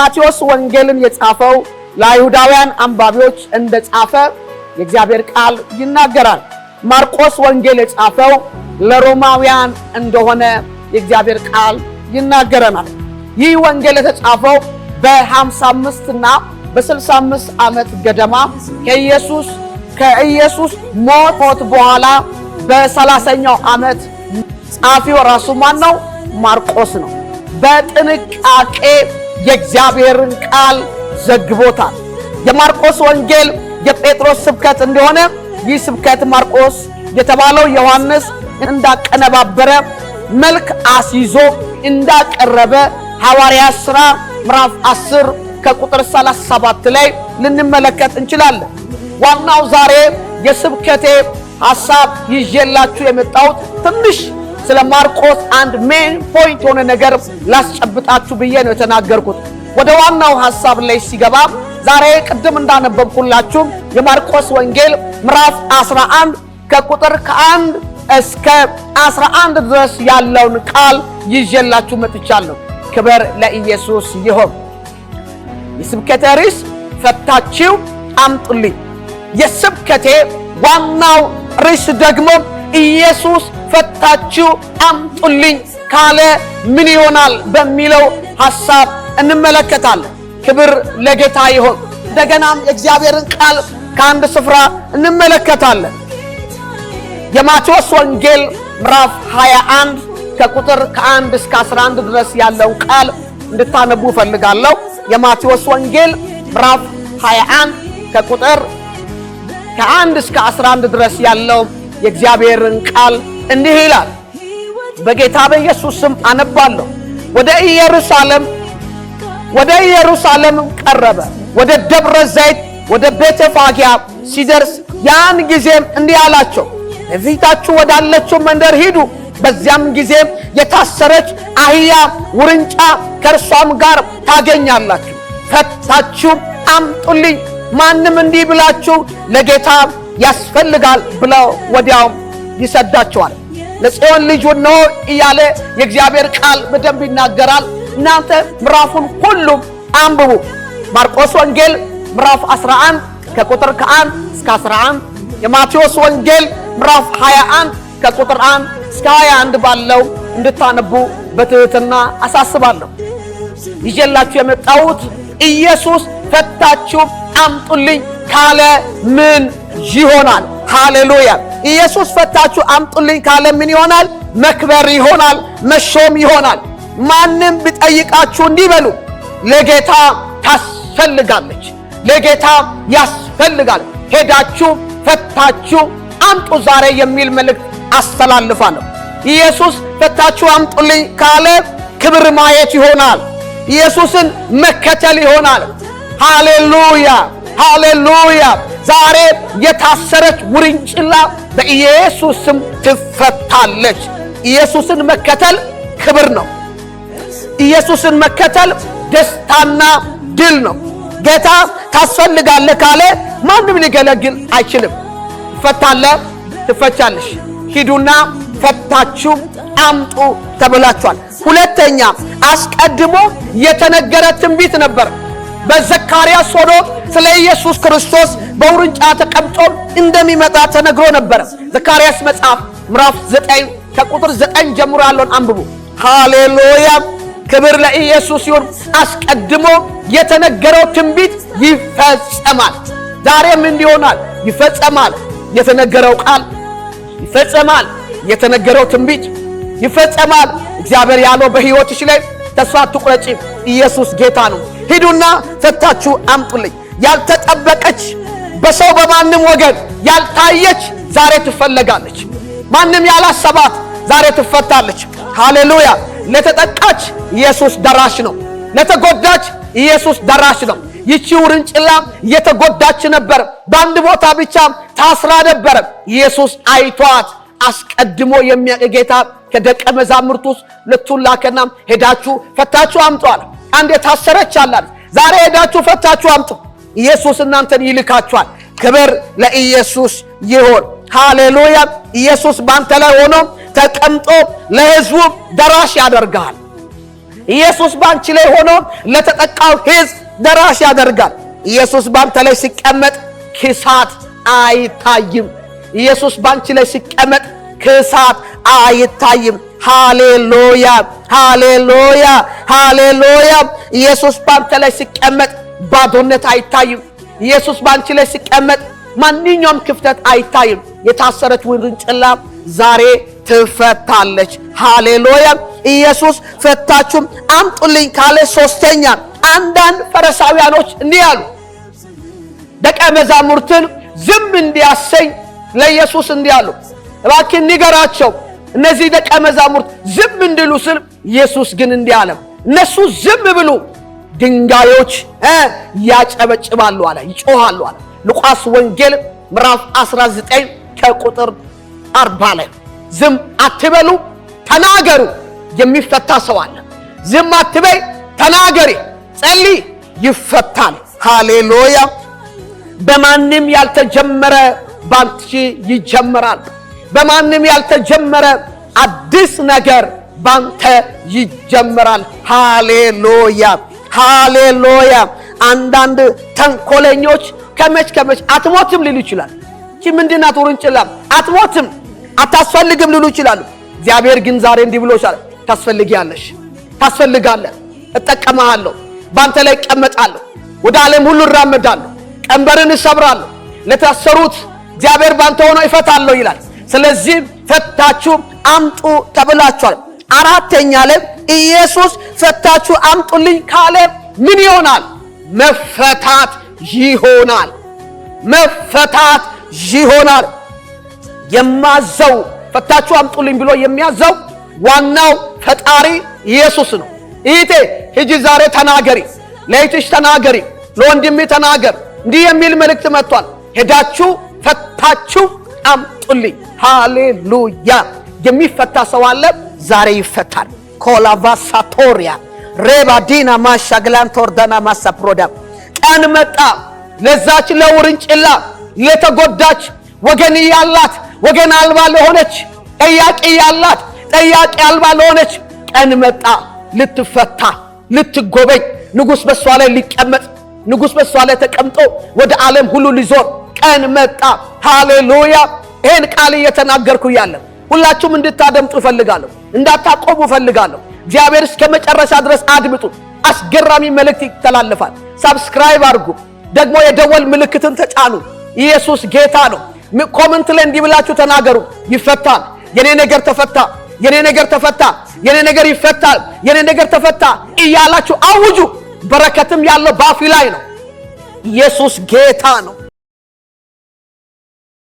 ማቴዎስ ወንጌልን የጻፈው ለአይሁዳውያን አንባቢዎች እንደጻፈ የእግዚአብሔር ቃል ይናገራል። ማርቆስ ወንጌል የጻፈው ለሮማውያን እንደሆነ የእግዚአብሔር ቃል ይናገረናል። ይህ ወንጌል የተጻፈው በ55 እና በ65 ዓመት ገደማ ከኢየሱስ ከኢየሱስ ሞት በኋላ በሰላሰኛው ዓመት ጻፊው ራሱ ማን ነው? ማርቆስ ነው። በጥንቃቄ የእግዚአብሔርን ቃል ዘግቦታል። የማርቆስ ወንጌል የጴጥሮስ ስብከት እንደሆነ ይህ ስብከት ማርቆስ የተባለው ዮሐንስ እንዳቀነባበረ መልክ አስይዞ እንዳቀረበ ሐዋርያ ሥራ ምዕራፍ 10 ከቁጥር 37 ላይ ልንመለከት እንችላለን። ዋናው ዛሬ የስብከቴ ሐሳብ ይዤላችሁ የመጣሁት ትንሽ ስለ ማርቆስ አንድ ሜን ፖይንት የሆነ ነገር ላስጨብጣችሁ ብዬ ነው የተናገርኩት። ወደ ዋናው ሐሳብ ላይ ሲገባ ዛሬ ቅድም እንዳነበብኩላችሁ የማርቆስ ወንጌል ምዕራፍ 11 ከቁጥር ከአንድ እስከ 11 ድረስ ያለውን ቃል ይዤላችሁ መጥቻለሁ። ክብር ለኢየሱስ ይሆን። የስብከቴ ርዕስ ፈታችሁ አምጡልኝ። የስብከቴ ዋናው ርዕስ ደግሞ ኢየሱስ ፈታችሁ አምጡልኝ ካለ ምን ይሆናል በሚለው ሐሳብ እንመለከታለን። ክብር ለጌታ ይሆን። እንደገናም የእግዚአብሔርን ቃል ከአንድ ስፍራ እንመለከታለን። የማቴዎስ ወንጌል ምዕራፍ 21 ከቁጥር ከ1 እስከ 11 ድረስ ያለውን ቃል እንድታነቡ እፈልጋለሁ። የማቴዎስ ወንጌል ምዕራፍ 21 ከቁጥር ከ1 እስከ 11 ድረስ ያለው የእግዚአብሔርን ቃል እንዲህ ይላል። በጌታ በኢየሱስ ስም አነባለሁ። ወደ ኢየሩሳሌም ወደ ኢየሩሳሌም ቀረበ። ወደ ደብረ ዘይት ወደ ቤተ ፋጊያ ሲደርስ ያን ጊዜም እንዲህ አላቸው፣ በፊታችሁ ወዳለችው መንደር ሂዱ። በዚያም ጊዜም የታሰረች አህያ ውርንጫ ከእርሷም ጋር ታገኛላችሁ። ፈታችሁ አምጡልኝ። ማንም እንዲህ ብላችሁ ለጌታ ያስፈልጋል ብለው ወዲያውም ይሰዳቸዋል። ለጽዮን ልጅ ነው እያለ የእግዚአብሔር ቃል በደንብ ይናገራል። እናንተ ምዕራፉን ሁሉም አንብቡ። ማርቆስ ወንጌል ምዕራፍ 11 ከቁጥር ከ1 እስከ 11፣ የማቴዎስ ወንጌል ምዕራፍ 21 ከቁጥር 1 እስከ 21 ባለው እንድታነቡ በትህትና አሳስባለሁ። ይዤላችሁ የመጣሁት ኢየሱስ ፈታችሁ አምጡልኝ ካለ ምን ይሆናል። ሃሌሉያ! ኢየሱስ ፈታችሁ አምጡልኝ ካለ ምን ይሆናል? መክበር ይሆናል፣ መሾም ይሆናል። ማንም ቢጠይቃችሁ እንዲበሉ ለጌታ ታስፈልጋለች፣ ለጌታ ያስፈልጋል። ሄዳችሁ ፈታችሁ አምጡ ዛሬ የሚል መልእክት አስተላልፋለሁ። ኢየሱስ ፈታችሁ አምጡልኝ ካለ ክብር ማየት ይሆናል። ኢየሱስን መከተል ይሆናል። ሃሌሉያ! ሃሌሉያ! ዛሬ የታሰረች ውርንጭላ በኢየሱስ ስም ትፈታለች። ኢየሱስን መከተል ክብር ነው። ኢየሱስን መከተል ደስታና ድል ነው። ጌታ ታስፈልጋለህ ካለ ማንም ሊገለግል አይችልም። ትፈታለ፣ ትፈቻለሽ። ሂዱና ፈታችሁ አምጡ ተብላችኋል። ሁለተኛ አስቀድሞ የተነገረ ትንቢት ነበር። በዘካርያስ ሆኖ ስለ ኢየሱስ ክርስቶስ በውርንጫ ተቀምጦ እንደሚመጣ ተነግሮ ነበር። ዘካርያስ መጽሐፍ ምዕራፍ 9 ከቁጥር 9 ጀምሮ ያለውን አንብቡ። ሃሌሉያ ክብር ለኢየሱስ ይሁን። አስቀድሞ የተነገረው ትንቢት ይፈጸማል። ዛሬም እንዲሆናል ይፈጸማል። የተነገረው ቃል ይፈጸማል። የተነገረው ትንቢት ይፈጸማል። እግዚአብሔር ያለው በሕይወትሽ ላይ ተስፋ አትቁረጪ። ኢየሱስ ጌታ ነው። ሂዱና ፈታችሁ አምጡልኝ። ያልተጠበቀች በሰው በማንም ወገን ያልታየች ዛሬ ትፈለጋለች። ማንም ያላሰባት ዛሬ ትፈታለች። ሃሌሉያ! ለተጠቃች ኢየሱስ ደራሽ ነው። ለተጎዳች ኢየሱስ ደራሽ ነው። ይቺ ውርንጭላ እየተጎዳች ነበር። በአንድ ቦታ ብቻ ታስራ ነበረ። ኢየሱስ አይቷት አስቀድሞ የሚያውቅ ጌታ ከደቀ መዛሙርት ውስጥ ሁለቱን ላከና ሄዳችሁ ፈታችሁ አምጧል። አንድ የታሰረች አላል። ዛሬ ሄዳችሁ ፈታችሁ አምጡ። ኢየሱስ እናንተን ይልካችኋል። ክብር ለኢየሱስ ይሆን። ሃሌሉያ። ኢየሱስ በአንተ ላይ ሆኖ ተቀምጦ ለህዝቡ ደራሽ ያደርጋል። ኢየሱስ በአንቺ ላይ ሆኖ ለተጠቃው ህዝብ ደራሽ ያደርጋል። ኢየሱስ በአንተ ላይ ሲቀመጥ ክሳት አይታይም። ኢየሱስ በአንቺ ላይ ሲቀመጥ ክሳት አይታይም። ሃሌሉያ ሃሌሉያ ሃሌሉያ። ኢየሱስ ባንተ ላይ ሲቀመጥ ባዶነት አይታይም። ኢየሱስ ባንቺ ላይ ሲቀመጥ ማንኛውም ክፍተት አይታይም። የታሰረች ውርንጭላ ዛሬ ትፈታለች። ሃሌሉያ። ኢየሱስ ፈታችሁም አምጡልኝ ካለ ሶስተኛ አንዳንድ ፈረሳውያኖች እንዲህ አሉ ደቀ መዛሙርትን ዝም እንዲያሰኝ ለኢየሱስ እንዲህ አሉ፣ እባክህ ንገራቸው እነዚህ ደቀ መዛሙርት ዝም እንድሉ ስል ኢየሱስ ግን እንዲህ አለ፣ እነሱ ዝም ብሉ፣ ድንጋዮች ያጨበጭባሉ አለ፣ ይጮሃሉ አለ። ሉቃስ ወንጌል ምዕራፍ 19 ከቁጥር 40 ላይ ዝም አትበሉ፣ ተናገሩ፣ የሚፈታ ሰው አለ። ዝም አትበይ፣ ተናገሪ፣ ጸልይ፣ ይፈታል። ሃሌሉያ! በማንም ያልተጀመረ ባንቺ ይጀመራል። በማንም ያልተጀመረ አዲስ ነገር ባንተ ይጀምራል። ሃሌሉያ ሃሌሉያ። አንዳንድ ተንኮለኞች ከመች ከመች አትሞትም ሊሉ ይችላል። ቺ ምንድን ናት? ውርንጭላ። አትሞትም አታስፈልግም ሊሉ ይችላሉ። እግዚአብሔር ግን ዛሬ እንዲህ ብሎሻል፣ ታስፈልጊያለሽ፣ ታስፈልጋለህ፣ እጠቀመሃለሁ፣ ባንተ ላይ እቀመጣለሁ፣ ወደ ዓለም ሁሉ እራመዳለሁ፣ ቀንበርን እሰብራለሁ፣ ለታሰሩት እግዚአብሔር ባንተ ሆኖ ይፈታለሁ ይላል። ስለዚህ ፈታችሁ አምጡ ተብላችኋል። አራተኛ ላይ ኢየሱስ ፈታችሁ አምጡልኝ ካለ ምን ይሆናል? መፈታት ይሆናል። መፈታት ይሆናል። የማዘው ፈታችሁ አምጡልኝ ብሎ የሚያዘው ዋናው ፈጣሪ ኢየሱስ ነው። ይህቴ ሂጂ ዛሬ ተናገሪ፣ ለይትሽ ተናገሪ፣ ለወንድሜ ተናገር። እንዲህ የሚል መልእክት መጥቷል። ሄዳችሁ ፈታችሁ አምጡልኝ። ሃሌሉያ። የሚፈታ ሰው አለ፣ ዛሬ ይፈታል። ኮላቫሳቶሪያ ሬባ ዲና ማሻ ግላንቶርዳና ማሳ ፕሮዳ ቀን መጣ። ለዛች ለውርንጭላ ለተጎዳች ወገን ያላት ወገን አልባ ለሆነች ጠያቂ ያላት ጠያቂ አልባ ለሆነች ቀን መጣ። ልትፈታ ልትጎበኝ፣ ንጉሥ በሷ ላይ ሊቀመጥ ንጉሥ በሷ ላይ ተቀምጦ ወደ ዓለም ሁሉ ሊዞር ቀን መጣ። ሃሌሉያ! ይህን ቃል እየተናገርኩ እያለ ሁላችሁም እንድታደምጡ እፈልጋለሁ፣ እንዳታቆሙ እፈልጋለሁ። እግዚአብሔር እስከ መጨረሻ ድረስ አድምጡ። አስገራሚ መልእክት ይተላለፋል። ሳብስክራይብ አድርጉ፣ ደግሞ የደወል ምልክትን ተጫኑ። ኢየሱስ ጌታ ነው። ኮመንት ላይ እንዲህ ብላችሁ ተናገሩ። ይፈታል። የኔ ነገር ተፈታ፣ የኔ ነገር ተፈታ፣ የኔ ነገር ይፈታል፣ የኔ ነገር ተፈታ እያላችሁ አውጁ። በረከትም ያለው ባፊ ላይ ነው። ኢየሱስ ጌታ ነው።